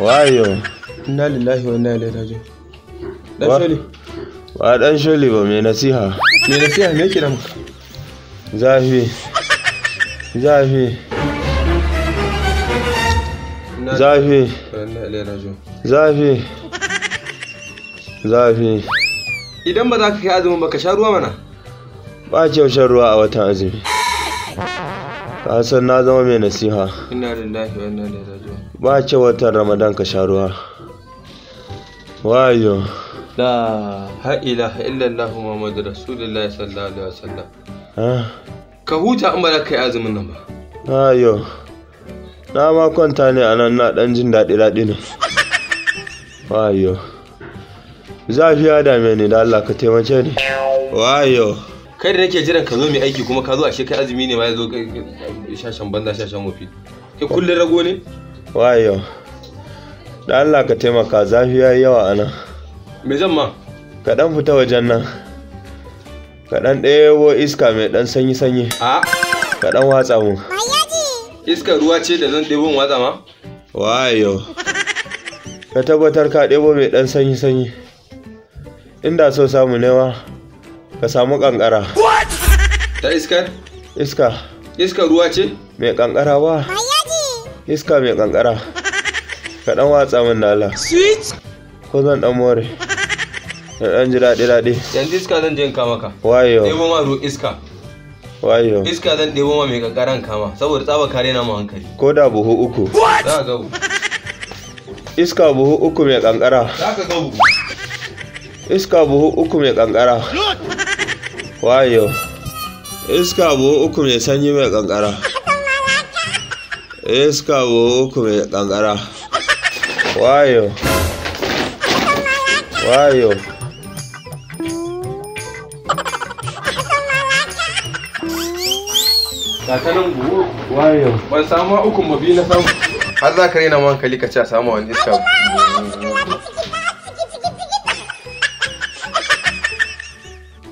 wayo ba dan sholi ba mai nasiha zafi zafi zafi zafi zafi idan ba za ka kai azumin ba ka sha ruwa mana ba kyau shan ruwa a watan azumi ka san na zama mai nasiha ina lillahi wa inna ilaihi raji'un ba ce watan ramadan ka sha ruwa wayo la ha ilaha allah muhammadu rasulullah sallallahu alaihi wasallam ka huta in ba za ka yi azumin nan ba wayo na ma kwanta ne a nan na dan jin daɗi daɗi ne wayo zafi ya dame ni da Allah ka taimake ni wayo kai da nake jiran ka zo mai aiki kuma ka zo ashe kai azumi ne ma ya zo shashan banza shashan wofi kai kullun rago ne wayo da Allah ka taimaka zafi yayi yawa ana me zan ma ka dan fita wajen nan ka dan ɗebo iska mai dan sanyi sanyi a ka dan watsa mu iska ruwa ce da zan ɗebo watsa ma wayo ka tabbatar ka ɗebo mai dan sanyi sanyi inda so samu newa ka samu kankara ta iskar iska iska ruwa ce mai kankara ba iska mai kankara ka dan watsa min nala. Allah sweet ko zan dan more dan ji daɗi daɗi yanzu iska zan je in kama ka wayo Ne ma ruwa iska wayo iska zan debo ma mai kankaran kama saboda tsaba kare na mu hankali ko da buhu uku za ga iska buhu uku mai kankara za ka ga iska buhu uku mai kankara wayo iska buhu uku mai sanyi mai kankara iska buhu uku mai kankara wayo wayo kakanin buhu wayo ban samu uku mabi na samu har za ka rena man kali ka ce a samu wani iska